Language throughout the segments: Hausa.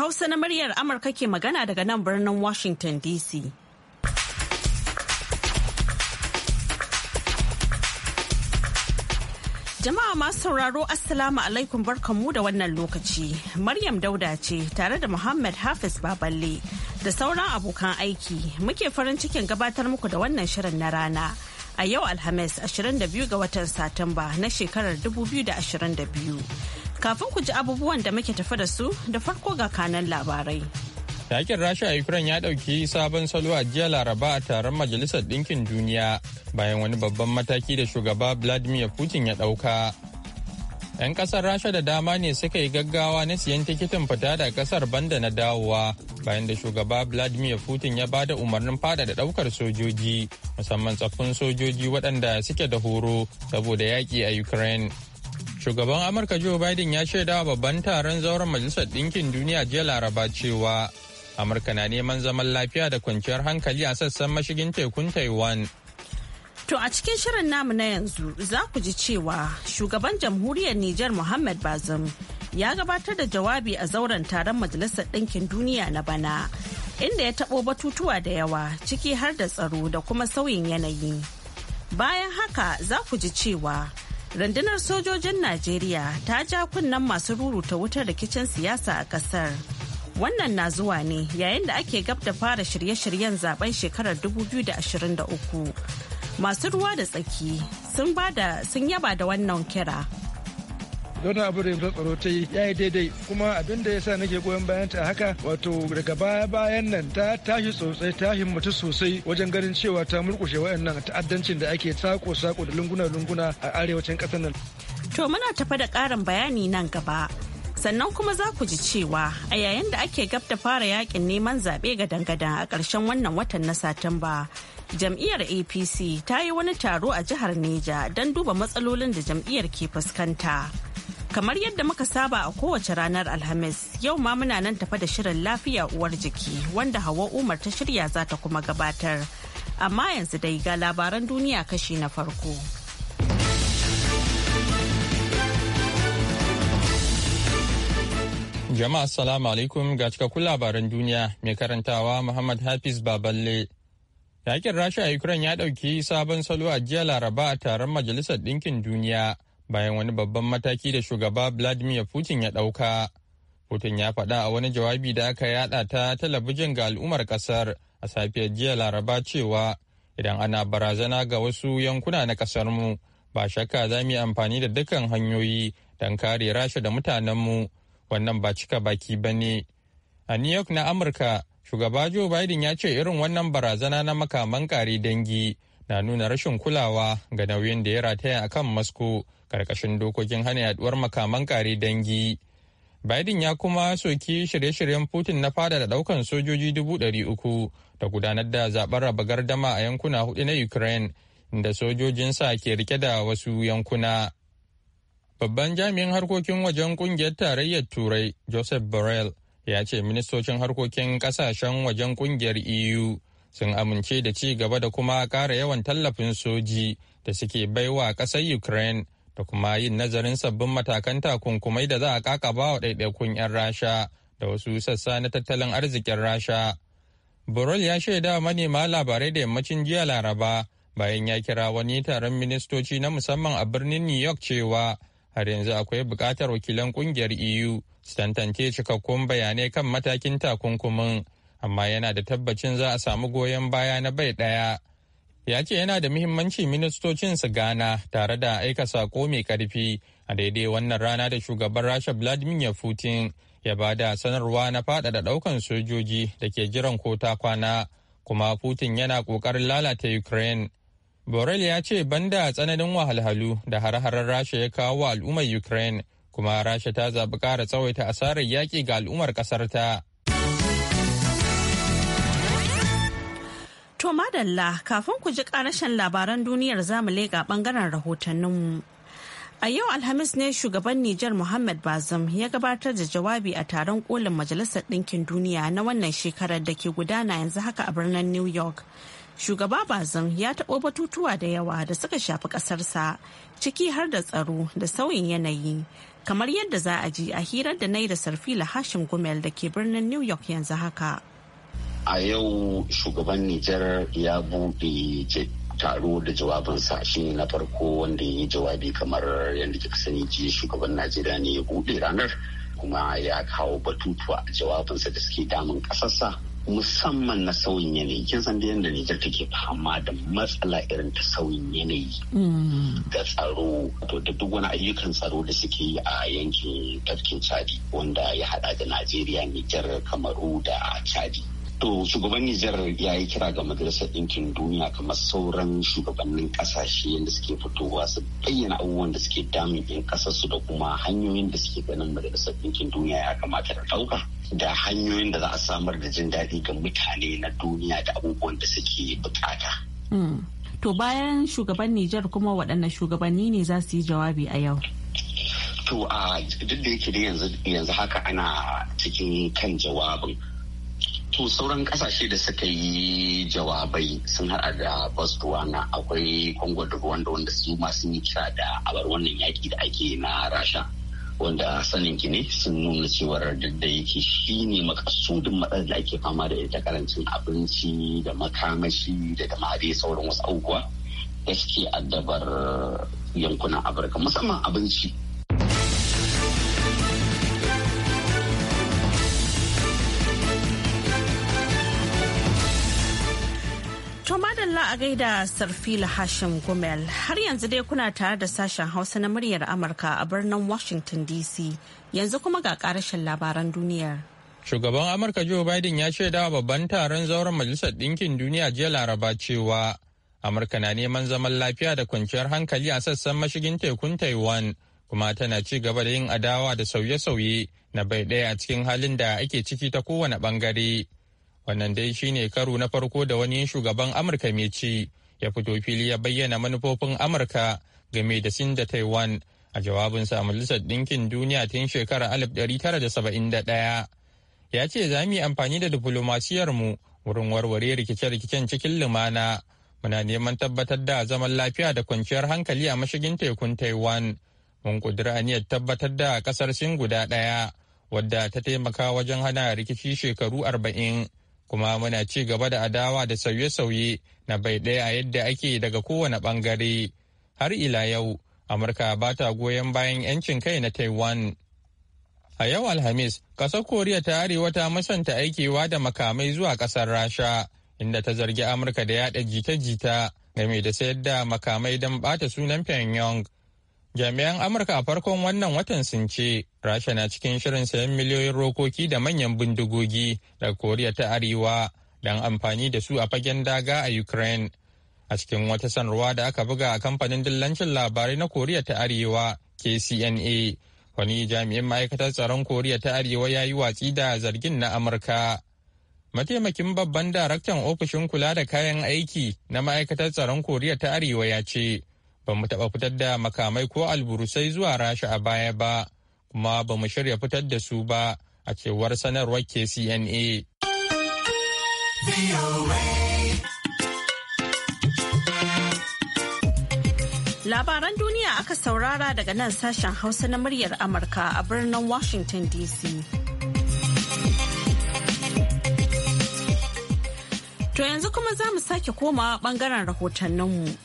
Hausa na muryar Amurka ke magana daga nan birnin Washington DC. Jama'a masu sauraro Assalamu alaikum barkanmu da wannan lokaci. Maryam Dauda ce tare da Muhammad Hafiz Baballe da sauran abokan aiki muke farin cikin gabatar muku da wannan shirin na rana. A yau Alhamis 22 ga watan Satumba na shekarar 2022. Kafin ku ji abubuwan da muke tafi da su da farko ga kanan labarai. Yakin Rasha a Ukraine ya ɗauki sabon salo a jiya Laraba a taron Majalisar Ɗinkin Duniya bayan wani babban mataki da shugaba Vladimir Putin ya ɗauka. 'Yan ƙasar Rasha da dama ne suka yi gaggawa na siyan tikitin fita da ƙasar banda na dawowa bayan da shugaba Vladimir Putin ya bada umarnin fada da ɗaukar sojoji musamman tsaffin sojoji waɗanda suke da horo saboda yaƙi a Ukraine. Shugaban Amurka Joe Biden ya shaida wa babban taron zauren Majalisar Ɗinkin Duniya jiya Laraba cewa Amurka na neman zaman lafiya da kwanciyar hankali a sassan mashigin tekun Taiwan. To a cikin shirin namu na yanzu za ku ji cewa shugaban jamhuriyar Nijar Muhammad Bazum ya gabatar da jawabi a zauren taron Majalisar Ɗinkin Duniya na bana inda ya taɓo batutuwa da yawa ciki har da tsaro da kuma sauyin yanayi. Bayan haka za ku ji cewa rundunar sojojin najeriya ta ja kunnen masu ruruta wutar rikicin siyasa a kasar wannan na zuwa ne yayin da ake gab da fara shirye-shiryen zaben shekarar 2023 masu ruwa da tsaki sun yaba da wannan kira don abu da tsaro ta yi ya yi daidai kuma abin da ya sa nake goyon bayan ta haka wato daga baya bayan nan ta tashi sosai ta himmatu sosai wajen ganin cewa ta murkushe wayannan ta'addancin da ake sako sako da lunguna lunguna a arewacin kasar nan to muna tafa da karin bayani nan gaba sannan kuma za ku ji cewa a yayin da ake gab da fara yakin neman zaɓe ga dangada a ƙarshen wannan watan na satumba jam'iyyar apc ta yi wani taro a jihar neja don duba matsalolin da jam'iyyar ke fuskanta Kamar yadda muka saba a kowace ranar Alhamis, yau ma muna nan tafa da shirin lafiya uwar jiki wanda Hawa Umar ta shirya za ta kuma gabatar. Amma yanzu dai ga labaran duniya kashi na farko. Jama'a salamu alaikum ga cikakkun labaran duniya mai karantawa Muhammad Hafiz Baballe. Yakin Rasha a Ukraine ya ɗauki sabon salo a jiya Laraba a taron Majalisar Ɗinkin Duniya bayan wani babban mataki da shugaba vladimir putin ya ɗauka putin ya faɗa a wani jawabi da aka yada ta talabijin ga al'ummar ƙasar a safiyar jiya laraba cewa idan ana barazana ga wasu yankuna na ƙasarmu ba shakka za mu yi amfani da dukkan hanyoyi don kare rasha da mutanenmu wannan ba cika baki ba ne a new york na amurka shugaba joe biden ya ce irin wannan barazana na makaman kare dangi na nuna rashin kulawa ga nauyin da ya rataya akan moscow karkashin dokokin hana yaduwar makaman kare dangi. Biden ya kuma soki shirye-shiryen Putin na fada da daukan sojoji dubu ɗari uku da gudanar da zaben raba gardama a yankuna hudu na Ukraine da sojojinsa ke rike da wasu yankuna. Babban jami'in harkokin wajen kungiyar tarayyar Turai Joseph Borrell ya ce ministocin harkokin ƙasashen wajen kungiyar EU sun amince da ci gaba da kuma ƙara yawan tallafin soji da suke baiwa ƙasar Ukraine da kuma yin nazarin sabbin matakan takunkumai da za a kakaba wa ɗaiɗaikun 'yan rasha da wasu sassa na tattalin arzikin rasha burol ya shaida wa manema labarai da yammacin jiya laraba bayan ya kira wani taron ministoci na musamman a birnin new york cewa har yanzu akwai buƙatar wakilan ƙungiyar eu su tantance cikakkun bayanai kan matakin takunkumin amma yana da tabbacin za a samu goyon baya na bai ɗaya ya ce yana da muhimmanci ministocin su gana tare da aika sako mai karfi a daidai wannan rana da shugaban rasha vladimir putin ya ba da sanarwa na faɗaɗa ɗaukan sojoji da ke jiran ko ta kwana kuma putin yana ƙoƙarin lalata ukraine borel ya ce banda tsananin wahalhalu da har-harar rasha ya kawo wa al'ummar ukraine kuma rasha ta zaɓi ƙara tsawaita asarar yaƙi ga al'ummar ƙasarta To madalla kafin ku ji karashen labaran duniyar zamu leka bangaren rahotanninmu. A yau Alhamis ne shugaban Nijar Muhammad Bazum ya gabatar da jawabi a taron kolin Majalisar Ɗinkin Duniya na wannan shekarar da ke gudana yanzu haka a birnin New York. Shugaba Bazum ya taɓo batutuwa da yawa da suka shafi ƙasarsa ciki har da tsaro da sauyin yanayi. Kamar yadda za a ji a hirar da na da Sarfila Hashim Gumel da ke birnin New York yanzu haka. a yau shugaban nijar ya buɗe taro da jawabinsa shine na farko wanda ya yi jawabi kamar yadda kika sani ji shugaban najeriya ne ya buɗe ranar kuma ya kawo batutuwa a jawabinsa da suke damun ƙasarsa musamman na sauyin yanayi kin san yadda Nijar take fama da matsala irin ta sauyin yanayi mm. da tsaro to da duk wani ayyukan tsaro da suke yi a yankin tafkin Chadi wanda ya hada da Najeriya Nijar Kamaru da Chadi To shugaban Nijar ya yi kira ga Majalisar Ɗinkin Duniya kamar sauran shugabannin ƙasashe yadda suke fitowa su bayyana abubuwan da suke damun 'yan ƙasarsu da kuma hanyoyin da suke ganin Majalisar Ɗinkin Duniya ya kamata da ɗauka da hanyoyin da za a samar da jin daɗi ga mutane na duniya da abubuwan da suke buƙata. Hmm. To bayan shugaban Nijar kuma waɗanne shugabanni ne za su yi jawabi a yau? To a duk da yake yanzu haka ana cikin kan jawabin. To sauran kasashe da suka yi jawabai sun hada da Botswana akwai Congo da Rwanda wanda su masu yi kira da abar wannan yaƙi da ake na Rasha. Wanda sanin ki ne sun nuna cewar da yake shi ne makasudin matsalar da ake fama da ita karancin abinci da makamashi da dama dai sauran wasu abubuwa da suke addabar yankunan Afirka musamman abinci. a gaida Sarfila Hashim Gumel har yanzu dai kuna tare da sashen Hausa na muryar Amurka a birnin Washington DC yanzu kuma ga karashin labaran duniya. Shugaban Amurka Joe Biden ya shaida babban taron zauren Majalisar Ɗinkin Duniya jiya Laraba cewa Amurka na neman zaman lafiya da kwanciyar hankali a sassan mashigin tekun Taiwan kuma tana ci gaba da yin adawa da sauye-sauye na bai ɗaya a cikin halin da ake ciki ta kowane ɓangare. wannan dai shine karo na farko da wani shugaban amurka mai ci ya fito fili ya bayyana manufofin amurka game da sin da taiwan a jawabinsa a majalisar ɗinkin duniya tun shekarar 1971 ya ce za mu yi amfani da mu wurin warware rikice-rikicen cikin lumana muna neman tabbatar da zaman lafiya da kwanciyar hankali a mashigin tekun taiwan mun ƙudiri aniyar tabbatar da ƙasar sin guda ɗaya wadda ta taimaka wajen hana rikici shekaru arba'in kuma muna ci gaba da adawa da sauye-sauye na bai ɗaya a yadda ake daga kowane ɓangare har ila yau amurka ba ta goyon bayan 'yancin kai na taiwan a yau alhamis ƙasar koriya ta arewa ta musanta aikewa da makamai zuwa ƙasar rasha inda ta zargi amurka da yada jita-jita game da sayar da makamai don ɓata sunan pyongyang Jami'an Amurka a farkon wannan watan sun ce Rasha na cikin shirin sayan miliyoyin rokoki da manyan bindigogi daga Koriya ta Arewa don amfani da su a fagen daga a Ukraine. A cikin wata sanarwa da aka buga a kamfanin dillancin labarai na Koriya ta Arewa KCNA, wani jami'in ma'aikatar tsaron Koriya ta Arewa ya yi watsi da zargin na Amurka. Mataimakin babban daraktan ofishin kula da kayan aiki na ma'aikatar tsaron Koriya ta Arewa ya ce, ba mu taɓa fitar da makamai ko alburusai zuwa rasha a baya ba kuma ba mu shirya fitar da su ba a cewar sanarwar C.N.A. labaran duniya aka saurara daga nan sashen hausa na muryar amurka a birnin washington dc to yanzu kuma za mu sake komawa bangaren rahotanninmu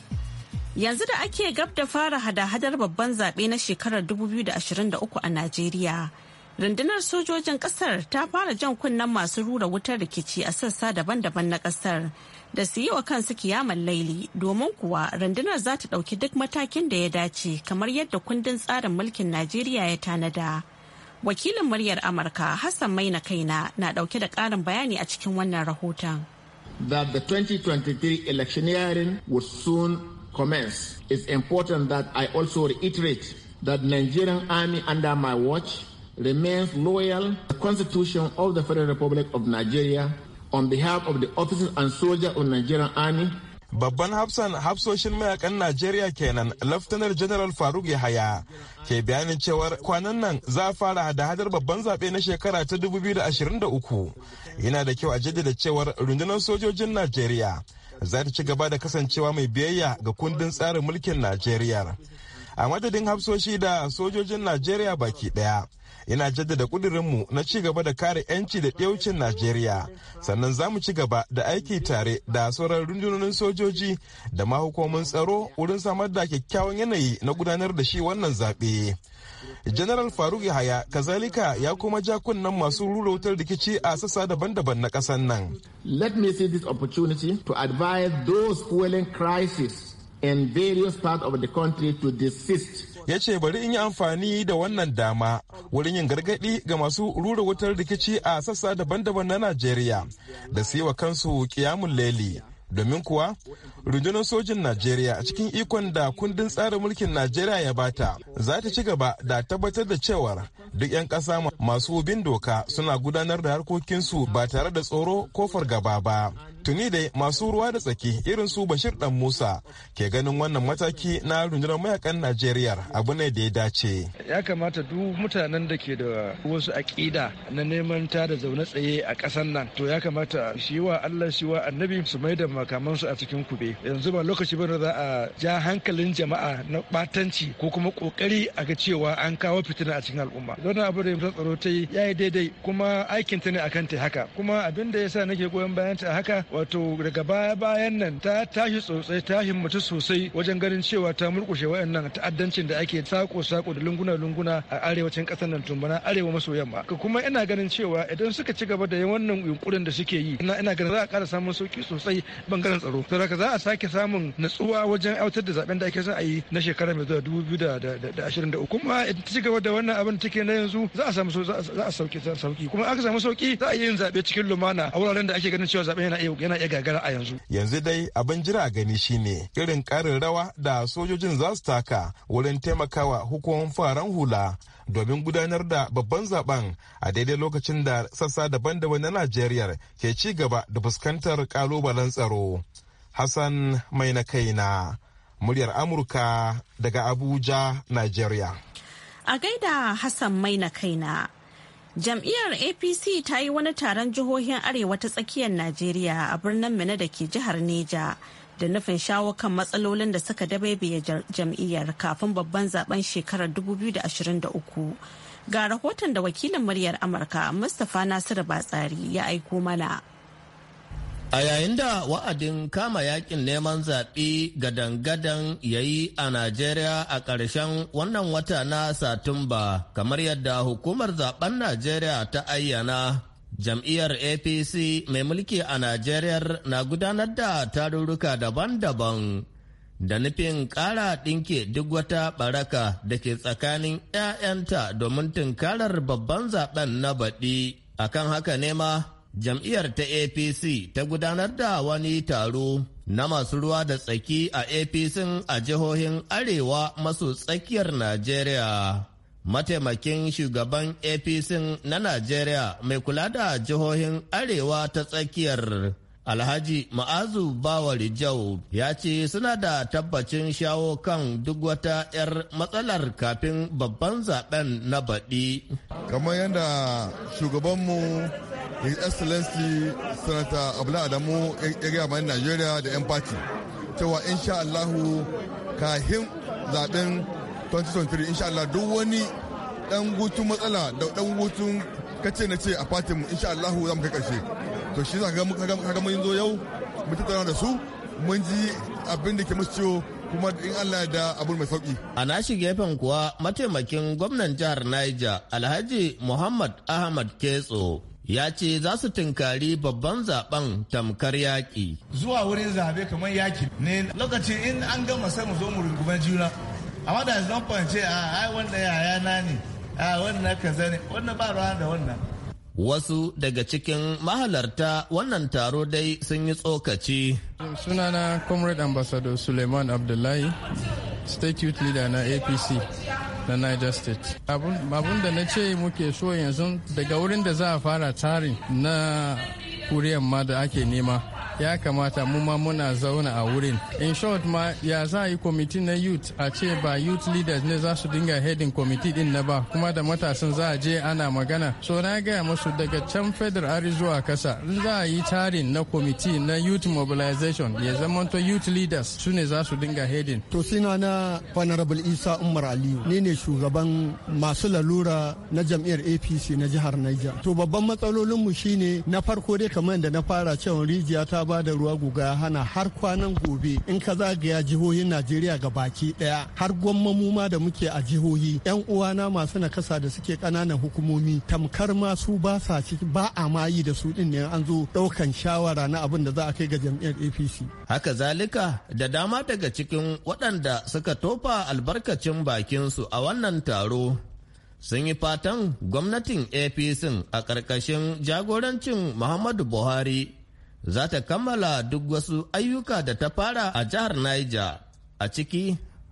Yanzu da ake gab da fara hada-hadar babban zaɓe na shekarar 2023 a Najeriya. Rundunar sojojin ƙasar ta fara jan kunnen masu rura wutar rikici a sassa daban-daban na ƙasar da su yi wa kansu kiyaman laili domin kuwa rundunar za ta ɗauki duk matakin da ya dace kamar yadda kundin tsarin mulkin Najeriya ya tanada. Wakilin muryar Amurka Hassan Maina Kaina na ɗauke da ƙarin bayani a cikin wannan rahoton. That the 2023 electioneering soon commence, it's important that I also reiterate that Nigerian Army under my watch remains loyal to the Constitution of the Federal Republic of Nigeria on behalf of the officers and soldiers of Nigerian Army. Babban hafsan hafsoshin mayakan Najeriya kenan Laftanar General Faruk Yahaya ke bayanin cewar kwanan nan za a fara hada-hadar babban zaɓe na shekara ta 2023. Yana da kyau a jaddada cewar rundunar sojojin Najeriya za ta ci gaba da kasancewa mai biyayya ga kundin tsarin mulkin najeriya a madadin hafsoshi da sojojin najeriya baki daya ina jaddada kudirinmu na ci gaba da kare 'yanci da ɗaucin najeriya sannan za mu ci gaba da aiki tare da sauran rundunonin sojoji da mahukomin tsaro wurin samar da kyakkyawan yanayi na gudanar da shi wannan zaɓe General Faruk Yahaya kazalika ya kuma ja kunnan masu rura wutar rikici a sassa daban-daban na ƙasar nan. Let me see this opportunity to advise those fueling crisis in various parts of the country to desist ya ce bari in yi amfani da wannan dama wurin yin gargaɗi ga masu rura wutar rikici a sassa daban-daban na najeriya da wa kansu kiyamun leli domin kuwa rundunar sojin najeriya a cikin ikon da kundin tsarin mulkin najeriya ya bata za ta ci gaba da tabbatar da cewar duk 'yan kasa masu bin doka suna gudanar da harkokinsu ba tare da tsoro ko fargaba ba tuni da masu ruwa da tsaki irin su bashir dan musa ke ganin wannan mataki na rundunar mayakan najeriya abu ne da ya dace ya kamata duk mutanen da ke da wasu aƙida na neman ta da zaune tsaye a ƙasar nan to ya kamata shi wa allah shi wa annabi su mai da makamansu a cikin kube yanzu ba lokaci bane za a ja hankalin jama'a na ɓatanci ko kuma ƙoƙari a ga cewa an kawo fitina a cikin al'umma don abu da ya tsaro ta yi ya yi daidai kuma aikin ta ne akan ta haka kuma abin da ya sa nake goyon bayan ta haka wato daga baya bayan nan ta tashi sosai ta himmatu sosai wajen ganin cewa ta murkushe waɗannan ta'addancin da ake sako sako da lunguna lunguna a arewacin ƙasar nan tumbana arewa maso yamma ka kuma ina ganin cewa idan suka ci gaba da wannan yunkurin da suke yi ina ina ganin za a ƙara samun sauki sosai bangaren tsaro saboda za a sake samun natsuwa wajen autar da zaben da ake son a yi na shekara mai zuwa dubu biyu da ashirin da uku idan ta ci gaba da wannan abin take na yanzu za a samu za a sauki kuma aka samu sauki za a yi yin zaɓe cikin lumana a wuraren da ake ganin cewa zaɓen yana iya yana iya gagara a yanzu yanzu dai abin jira gani shine irin karin rawa da sojojin za su taka wurin taimakawa hukumar faran hula domin gudanar da babban zaben a daidai lokacin da sassa daban-daban na najeriya ke ci gaba da fuskantar kalubalen tsaro hassan mai na kaina muryar amurka daga abuja najeriya a gaida hassan mai na kaina Jam'iyyar APC ta yi wani taron jihohin Arewa ta tsakiyar Najeriya a birnin Mina da ke jihar Neja da nufin shawo kan matsalolin da suka dabaibaye jam'iyyar kafin babban zaben shekarar 2023. Ga rahoton da wakilin muryar Amurka Mustapha Nasiru Batsari ya aiko mana. A yayin da wa'adin kama yakin neman zaɓe gadan-gadan ya yi a Najeriya a ƙarshen wannan wata na Satumba, kamar yadda hukumar zaben Najeriya ta ayyana, jam'iyyar APC mai mulki a Najeriya na gudanar da tarurruka daban-daban da nufin ƙara ɗinke duk wata ɓaraka da ke tsakanin 'ya'yanta domin tunkarar babban zaɓen na baɗi. Akan haka ne ma jam'iyyar ta apc ta gudanar da wani taro na masu ruwa da tsaki a apc a jihohin arewa maso tsakiyar najeriya mataimakin shugaban apc na najeriya mai kula da jihohin arewa ta tsakiyar Alhaji Ma'azu Bawari Jau ya ce suna da tabbacin shawo kan duk wata 'yar matsalar kafin babban zaben na baɗi. Kamar yadda shugabanmu His Excellency Sanata Abla Adamu ya gaya mai Najeriya da 'yan fati cewa insha Allahu kahin zaben 2023 insha Allah duk wani dan gutun matsala da dan gutun kace na ce a fatinmu insha Allahu zamu kai karshe. to shi za ka mun zo yau mun tattauna da su mun ji abin da ke musu ciwo kuma in Allah da abun mai sauki. A nashi gefen kuwa mataimakin gwamnan jihar Niger Alhaji Muhammad Ahmad Ketso ya ce za su tunkari babban zaben tamkar yaƙi. Zuwa wurin zabe kamar yaƙi ne lokaci in an gama sai mu zo mu rungume juna. Amma da zan fahimce a ah, ai wanda yaya na ne, a ah, wannan kaza ne, wannan ba ruwa da wannan. Wasu daga cikin mahalarta wannan taro dai sun yi tsokaci. Sunana Comrade Ambassador Suleiman Abdullahi, State Youth Leader na APC na Niger State. Abun da na ce muke so yanzu daga wurin da za a fara tarin na kuriyar ma da ake nema. ya kamata mu ma muna zauna a wurin in short ma ya za a yi kwamiti na youth a ce ba youth leaders ne za su dinga heading kwamiti din na ba kuma da matasan za a je ana magana so na gaya musu daga can federal ari zuwa kasa za a yi tarin na kwamiti na youth mobilization ya to youth leaders su ne za su dinga heading to sina na honorable isa umar aliyu ni ne shugaban masu lalura na jam'iyyar apc na jihar niger to babban matsalolinmu shine na farko dai kamar da na fara cewa rijiya ta ba da ruwa guga hana har kwanan gobe in ka zagaya jihohin najeriya ga baki daya har gwammamu ma da muke a jihohi yan uwana masu nakasa da suke kananan hukumomi tamkar ma su ba sa ci ba a ma yi da su din ne an zo daukan shawara na abin da za a kai ga jam'iyyar apc haka zalika da dama daga cikin waɗanda suka tofa albarkacin bakinsu a wannan taro sun yi fatan gwamnatin apc a ƙarƙashin jagorancin muhammadu buhari za ta kammala duk wasu ayyuka da ta fara a jihar Niger a ciki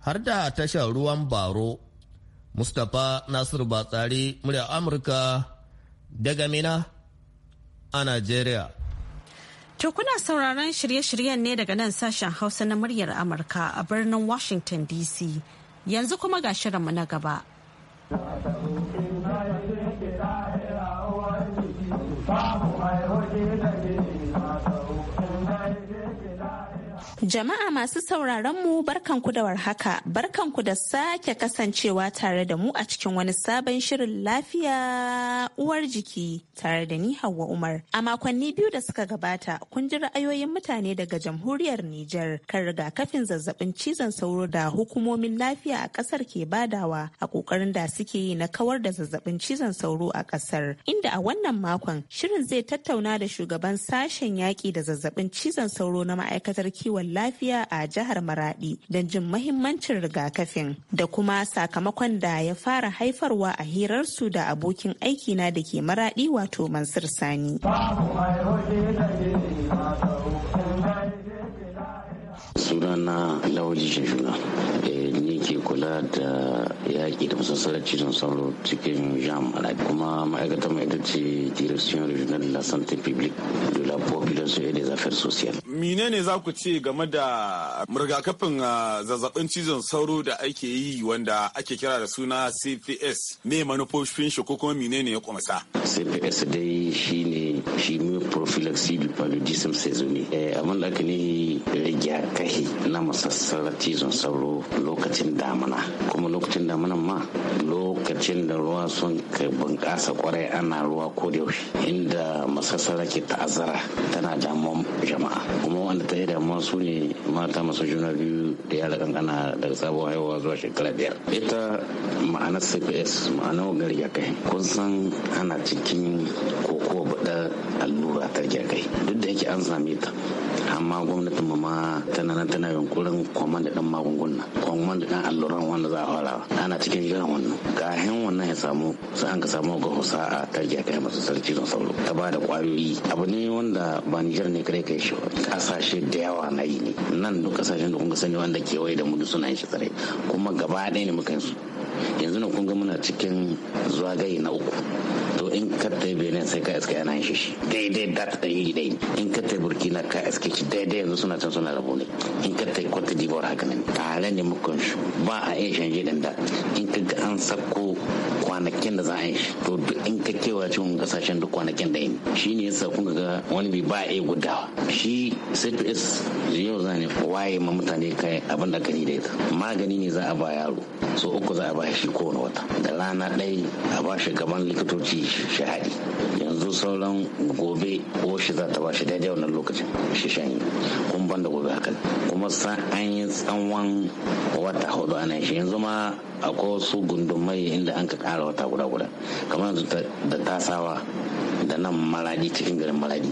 har da tashar ruwan baro. Mustapha Nasir Batsari murya Amurka daga Mina a nigeria. To kuna sauraron shirye-shiryen ne daga nan sashen Hausa na muryar Amurka a birnin Washington DC. Yanzu kuma ga shirinmu na gaba. Jama'a masu sauraron mu barkanku da warhaka, barkanku da sake kasancewa tare da mu a cikin wani sabon shirin lafiya uwar jiki tare da ni Hauwa Umar. A makonni biyu da suka gabata, kun ji ra'ayoyin mutane daga jamhuriyar Nijar kan rigakafin zazzabin cizon sauro da hukumomin lafiya a kasar ke badawa a ƙoƙarin da suke yi na kawar da zazzabin cizon sauro a ƙasar Inda a wannan makon shirin zai tattauna da shugaban sashen yaƙi da zazzabin cizon sauro na ma'aikatar kiwon lafiya a jihar Maradi don jin mahimmancin rigakafin da kuma sakamakon da ya fara haifarwa a hirarsu da abokin aikina da ke Maradi wato Mansur Sani. sunana jejuna eh, ke kula da yaƙi da fasassarar cizon sauro cikin jam kuma ma'aikatar mai ita ce direction regional de la santé publique de la population et des affaires sociales. ne za ku ce game da rigakafin ah, zazzabin cizon sauro da ake yi wanda ake kira da suna cps me manufofin shi ko kuma menene ya kumasa cps dai shine shi ne prophylaxis du paludisme saisonnier eh, abin da aka ne rigakafi na masassarar cizon sauro lokacin damana kuma lokacin damana ma lokacin da ruwa sun ka bunƙasa kwarai ana ruwa ko da yaushe inda masassara ke ta'azzara tana damuwan jama'a kuma wanda ta yi damuwa su ne mata masu juna biyu da yara kankana daga sabon haihuwa zuwa shekara biyar ita ma'ana cps ma'anar gari ya kai kun san ana cikin kokowa baɗa allo. a buƙatar kai duk da yake an same ta amma gwamnatin mama tana nan tana yunkurin da dan magunguna da dan alluran wanda za a fara ana cikin jiran wannan kahin wannan ya samu sai an ka samu ga a ta kai masu sarki don sauro ta ba da kwayoyi abu ne wanda ba Nijar ne kare kai shi kasashe da yawa na yi ne nan duk kasashen da kun sani wanda kewaye da mudu suna yin shi tsare kuma gaba ɗaya ne muka yi su yanzu na kun muna cikin zuwa gai na uku to in ka ta benin sai ka iska yana shi shi daidai da yi dai in ka ta burkina ka iske shi daidai yanzu suna can suna rabu ne in ka ta kwata dibar haka a halin ne mukan shi ba a iya shanje din da in ka ga an sako kwanakin da za a yi shi to in ka kewa cikin kasashen duk kwanakin da yi shi ne yasa kun ga wani bi ba a iya gudawa shi cps yau za ne waye ma mutane kai abin da gani da ita magani ne za a ba yaro so uku za a ba shi kowane wata da rana ɗaya a ba shi gaban likitoci shahadi yanzu sauran gobe ko shi za ta ba shi daidai wannan lokacin shi shanyi kun ban da gobe haka kuma san an yi tsawon wata hudu ana shi yanzu ma akwai wasu gundumai inda an ka kara wata guda guda kamar yanzu da tasawa da nan maradi cikin garin maradi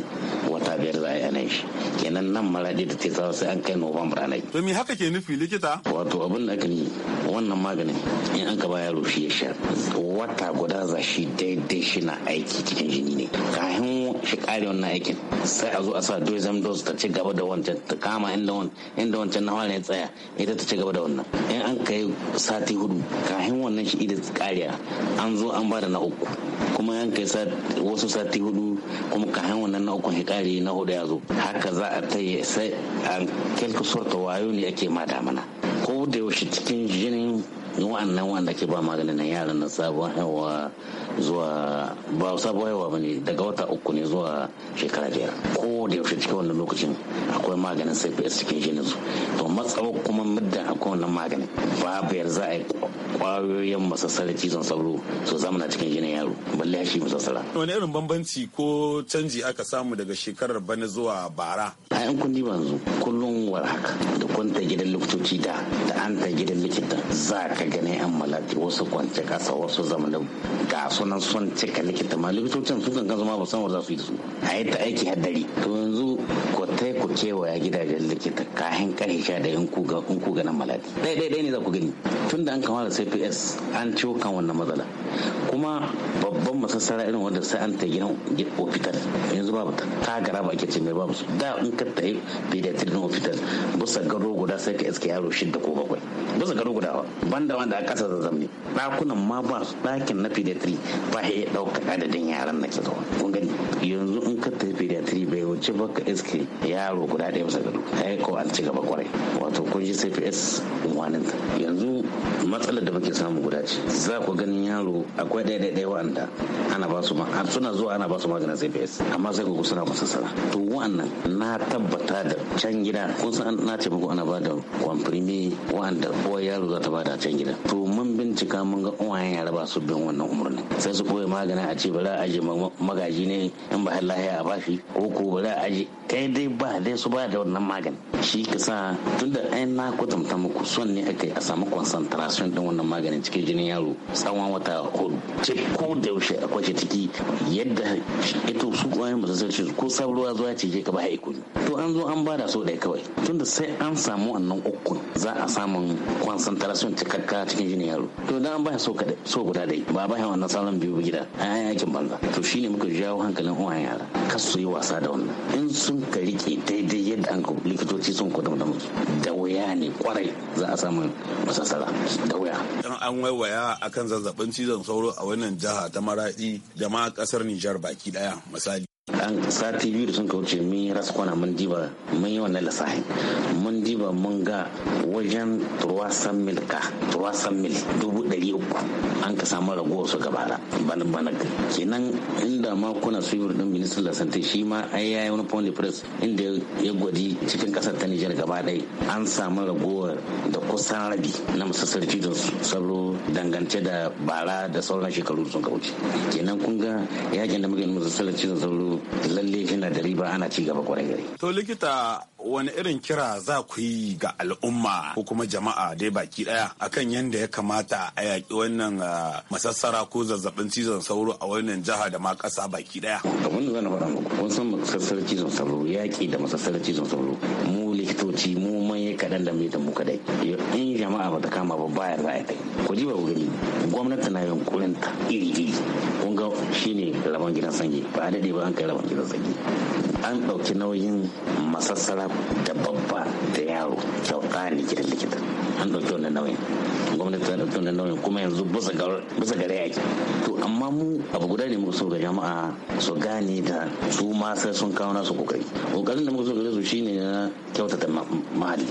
wata biyar za a yi shi kenan nan maradi da tesawa sai an kai november anan to me haka ke nufi likita wato abin da aka ni wannan maganin in an ba yaro shi ya sha wata guda za shi daidai shi na aiki cikin jini ne kafin ta kare wannan aikin sai a zo a sa tourism dos ta ci gaba da wancan ta kama inda wancan na ya tsaya ita ta ci gaba da wannan in an kai sati hudu kafin wannan shi ida kariya an zo an ba da na uku kuma an kai wasu sati hudu kuma kafin wannan na uku hikari na hudu ya zo haka za a ta yi sai an kelkusurta wayo ne ake mata mana ko da yaushe cikin jinin wa'annan wanda ke ba maganin na yaran na sabon haihuwa zuwa ba sabon haihuwa ba ne daga wata uku ne zuwa shekara biyar ko da yaushe cikin wannan lokacin akwai maganin cps cikin jinin su to matsawar kuma muddin akwai wannan maganin babu yar za a yi kwayoyin masassarar cizon sauro su na cikin jinin yaro balle shi masassara. wani irin bambanci ko canji aka samu daga shekarar bana zuwa bara. a yan kundi banzu kullum war haka da kwanta gidan likitoci da da an ta gidan likita za ka ganin yan malati wasu kwance kasa wasu zamanin ga sunan son cika likita ma likitocin su kan zama ba san wa za su yi su a yi ta aiki haddari to yanzu ko ta ku kewaya gidajen likita kahin karhe sha da yan kuga in kuga nan malati ɗaya ɗaya ne za ku gani tun da an kama da cps an ciwo kan wannan matsala kuma babban masassara irin wanda sai an ta gina hospital yanzu babu ta ta gara ba ake cin mai babu su da in ka ta yi pediatric hospital bisa gado guda sai ka iske yaro shidda ko bakwai bisa gado guda ba banda da wanda a kasa da zamne ɗakunan ma ba ɗakin na pediatry ba ya ɗaukar adadin yaran da ke zuwa kun gani yanzu in ka tafi pediatry wuce baka iske yaro guda ɗaya bisa gado ai ko an ci gaba kwarai wato kun ji cps wanin yanzu matsalar da muke samu guda ce za ku ganin yaro akwai ɗaya ɗaya wa'anda ana ba su ma. suna zuwa ana ba su maganin cps amma sai ku suna masassara to wa'annan na tabbata da can gida kun san na ce muku ana ba da kwamfirmi wa'anda Ko yaro za ta ba da can gida to mun bincika mun ga uwayen yara ba su bin wannan umarni sai su koya magana a ce bari a aje magaji ne in ba lahiya a shi ko ko za a je kai dai ba dai su ba da wannan magani shi ka sa tun da ai na kwatanta muku son ne aka a samu concentration din wannan maganin cikin jinin yaro tsawon wata hudu ce ko da yaushe a kwace ciki yadda ita su kwayoyin ba su shi ko sabruwa zuwa ce ke ka ba iko. to an zo an ba da so ɗaya kawai da sai an samu wannan ukun za a samu concentration cikakka cikin jinin yaro to dan an ba so kaɗai so guda dai ba ba wannan salon biyu gida an yakin banza to shine muka jawo hankalin uwayen yara kar su yi wasa da wannan in sun ka rike daidai yadda an likitoci sun kwatanta musu da waya ne kwarai za a samu masasara da waya. Dan an waiwaya akan zazzabin cizon sauro a wannan jiha ta maraɗi da ma ƙasar Nijar baki ɗaya misali. an sati biyu da sun kauce mun yi kwana mun diba mun yi wannan lissafi mun diba mun ga wajen turwasan mil ka turwasan mil dubu ɗari uku an ka samu raguwar su gaba da banin banak kenan inda ma kuna su yi rudin ministan lasanta shi ma ai yayi wani pound press inda ya gwadi cikin kasar ta Niger gaba ɗaya an samu raguwar da kusan rabi na musassar cizon sabro dangance da bara da sauran shekaru sun kauce kenan kun ga yakin da muke musassar cizon sabro lalle yana da riba ana ci gaba kwarai gari. To likita wani irin kira za ku yi ga al'umma ko kuma jama'a dai baki daya akan yadda ya kamata a yaƙi wannan ah, masassara ko zazzabin cizon sauro a wannan jiha da ma ƙasa baki daya. kamar da zan faɗa muku kun san masassarar cizon sauro yaƙi da masassarar cizon sauro mu likitoci mu manya kaɗan da mai da mu kadai in jama'a ba ta kama ba baya za a kai ku ji ba ku gani gwamnati na yunkurin ta iri iri kun ga shine laban gidan sanyi ba a daɗe ba an kai laban gidan sanyi an ɗauki nauyin masassara da babba da yaro kyauta ne gidan likita an ɗauki wannan nauyin gwamnati ta ɗauki wannan nauyin kuma yanzu bisa gare yaki to amma mu abu guda ne muka so ga jama'a su gane da su ma sai sun kawo nasu kokari kokarin da muka so gare su shine na kyautata mahalli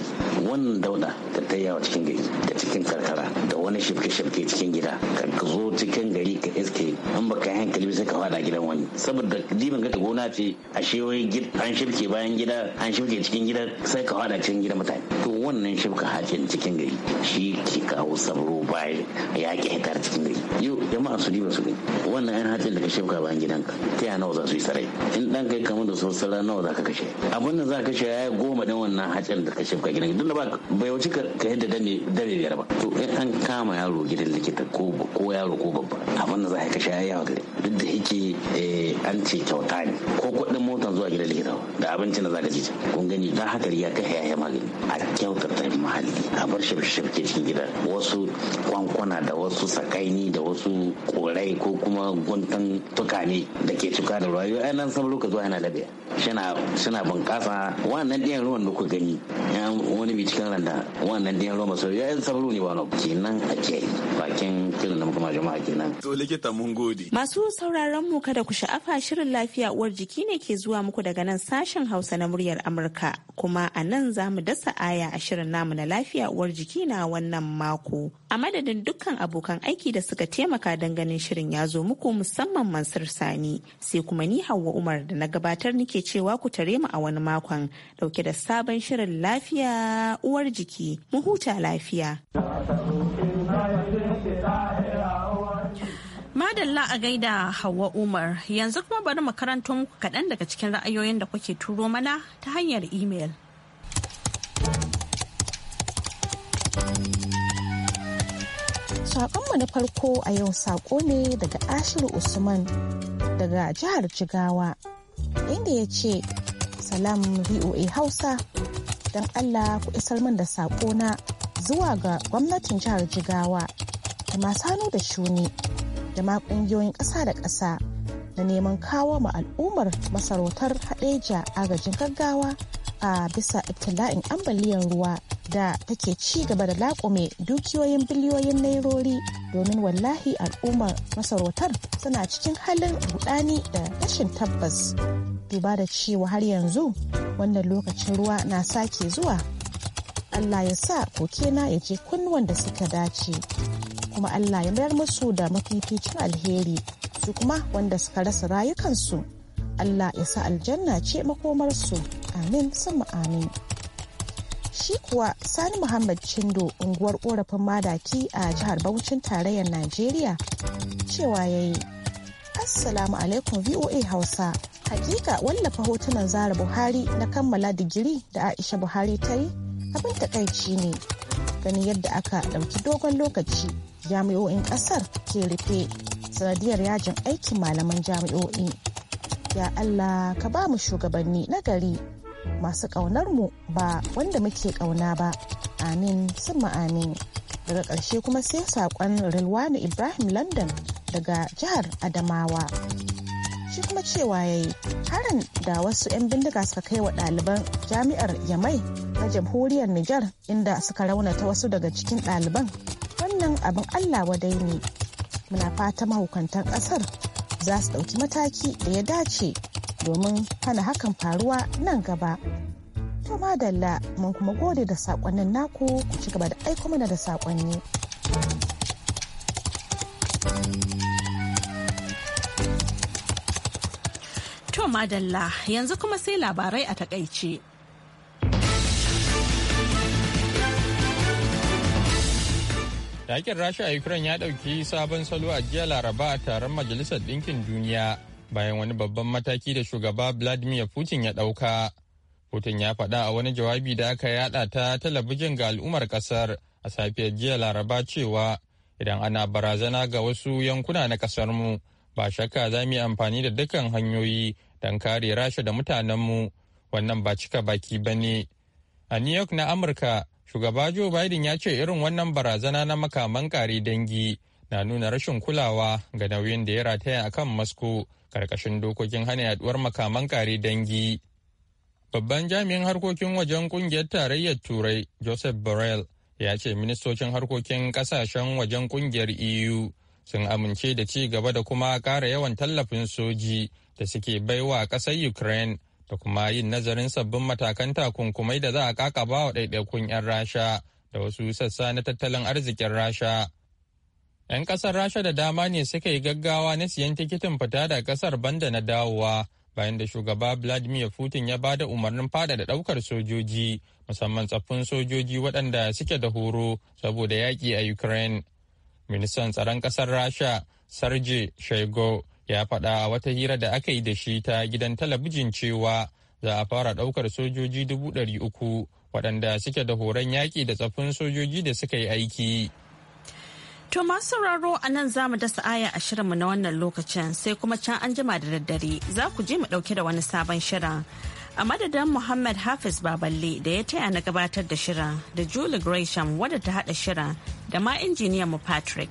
wannan dauda ta ta yawa cikin gari da cikin karkara da wani shirke-shirke cikin gida ka zo cikin gari ka iske in baka hankali sai ka faɗa gidan wani saboda diban ga gona ce a shewaye kai an shirke bayan gida an shirke cikin gida sai ka hada cikin gida mutane to wannan shirka hakin cikin gari shi ke kawo sabro bayan ya ke hitar cikin gari yau jama'a su diba su gani wannan yan hakin ka shirka bayan gidanka ta yana nawa za su yi sarai in dan kai kamar da sosai nawa za ka kashe abin da za ka kashe ya goma dan wannan hakin da ka shirka gidan duk da ba bai wuce ka yadda dame dame biyar ba to in an kama yaro gidan likita ko yaro ko babba abin da za ka kashe ya yawa gari duk da yake ce eh, an ce kyauta ne ko kudin mota zuwa gidan likita da abincin na zaka ce kun gani don haka riya ka haya magani a kyautata muhalli a bar ke cikin gida wasu kwankwana da wasu sakaini da wasu korai ko kuma guntun tukane da ke cuka da rayuwa ai nan sabu ka zuwa yana labiya shina bunƙasa wannan ɗayan ruwan da ku gani wani bi cikin randa wannan ɗayan ruwan masu ya sabulu ne ke nan a ke bakin kiran da muka ma jama'a kenan to likita mun gode masu sauraron mu kada ku sha'afa shirin lafiya uwar jiki ne ke zuwa muku daga nan sashen Hausa na muryar Amurka kuma a nan za mu dasa aya a shirin namu na lafiya uwar jiki na wannan mako. A madadin dukkan abokan aiki da suka taimaka don ganin shirin ya zo muku musamman Mansur Sani sai kuma ni Hauwa Umar da na gabatar nike cewa ku tare mu a wani makon dauke da sabon shirin lafiya uwar jiki mu huta lafiya. Madalla a gaida Hauwa Umar yanzu kuma bari makarantar muku kaɗan daga cikin ra'ayoyin da kuke turo mana ta hanyar imel. Saƙonmu na farko a yau saƙo ne daga Ashiru Usman daga jihar Jigawa inda ya ce salam VOA Hausa don Allah ku isar min da saƙona zuwa ga gwamnatin jihar Jigawa da masu da shuni da ma kungiyoyin ƙasa da ƙasa na neman kawo ma al'ummar masarautar hadeja agajin gaggawa a bisa ibtila'in ambaliyar ruwa da take ci gaba da laƙume dukiyoyin biliyoyin nairori domin wallahi al'ummar masarautar suna cikin halin rudani da rashin tabbas duba da cewa har yanzu wannan lokacin ruwa na sake zuwa allah ya sa kokena ya je kunnuwan da suka dace kuma Allah ya mayar musu da mafificin alheri su kuma wanda suka rasa rayukansu Allah ya sa aljanna ce makomarsu amin sun amin shi kuwa sani muhammad Chindo, unguwar korafin madaki a jihar Bauchin tarayyar najeriya cewa ya yi assalamu alaikum voa hausa hakika wallafa hotunan zara buhari na kammala digiri da aisha buhari ta yi abin takaici ne ganin yadda aka ɗauki dogon lokaci jami'o'in ƙasar ke rufe sanadiyar yajin aikin malaman jami'o'i ya allah ka ba mu shugabanni na gari masu ƙaunar ba wanda muke ƙauna ba amin summa amin daga ƙarshe kuma sai saƙon rilwani ibrahim london daga jihar adamawa shi kuma cewa ya yi harin da wasu 'yan bindiga suka kai wa ɗaliban jami'ar yamai ta jamhuriyar niger inda suka raunata wasu daga cikin ɗaliban wannan abin allah wadai ne muna fata mahukantan ƙasar za su ɗauki mataki da ya dace domin hana hakan faruwa nan gaba to madalla mun kuma gode da saƙonnin naku ku ci gaba da aiko mana da saƙonni. To madalla yanzu kuma sai labarai a takaice. Yakin Rasha a Ukraine ya ɗauki sabon salo a jiya Laraba a taron Majalisar Ɗinkin Duniya bayan wani babban mataki da shugaba Vladimir Putin ya ɗauka. Putin ya faɗa a wani jawabi da aka yada ta talabijin ga al'ummar ƙasar a safiyar jiya Laraba cewa idan ana barazana ga wasu yankuna na ƙasarmu ba shakka za mu yi amfani da dukkan hanyoyi don kare rasha da mutanenmu wannan ba cika baki ba ne a new york na amurka shugaba joe biden ya ce irin wannan barazana na makaman kare dangi na nuna rashin kulawa ga nauyin da ya rataya a kan moscow karkashin dokokin hana yaduwar makaman kare dangi babban jami'in harkokin wajen kungiyar tarayyar turai joseph borrell ya ce ministocin harkokin kasashen wajen kungiyar eu sun amince da ci gaba da kuma ƙara yawan tallafin soji da suke baiwa kasar Ukraine da kuma yin nazarin sabbin matakan takunkumai da za a kakaba wa ɗaiɗaikun 'yan Rasha da wasu sassa na tattalin arzikin Rasha. 'Yan kasar Rasha da dama ne suka yi gaggawa na siyan tikitin fita da kasar banda na dawowa bayan da shugaba Vladimir Putin ya bada umarnin fada da ɗaukar sojoji musamman tsaffin sojoji waɗanda suke da horo saboda yaƙi a Ukraine. Ministan tsaron ƙasar Rasha sarje shego ya faɗa a wata hira da aka yi da shi ta gidan talabijin cewa za a fara ɗaukar sojoji dubu ɗari uku waɗanda suke da horon yaƙi da tsaffin sojoji da suka yi aiki. To masu sauraro a nan za mu dasa aya a shirinmu na wannan lokacin sai kuma can an jima da daddare za ku je mu ɗauke da wani sabon shirin. A madadin Muhammad Hafiz Baballe da ya taya na gabatar da shirin da Julie Gresham wadda ta haɗa shirin da ma injiniyan mu Patrick.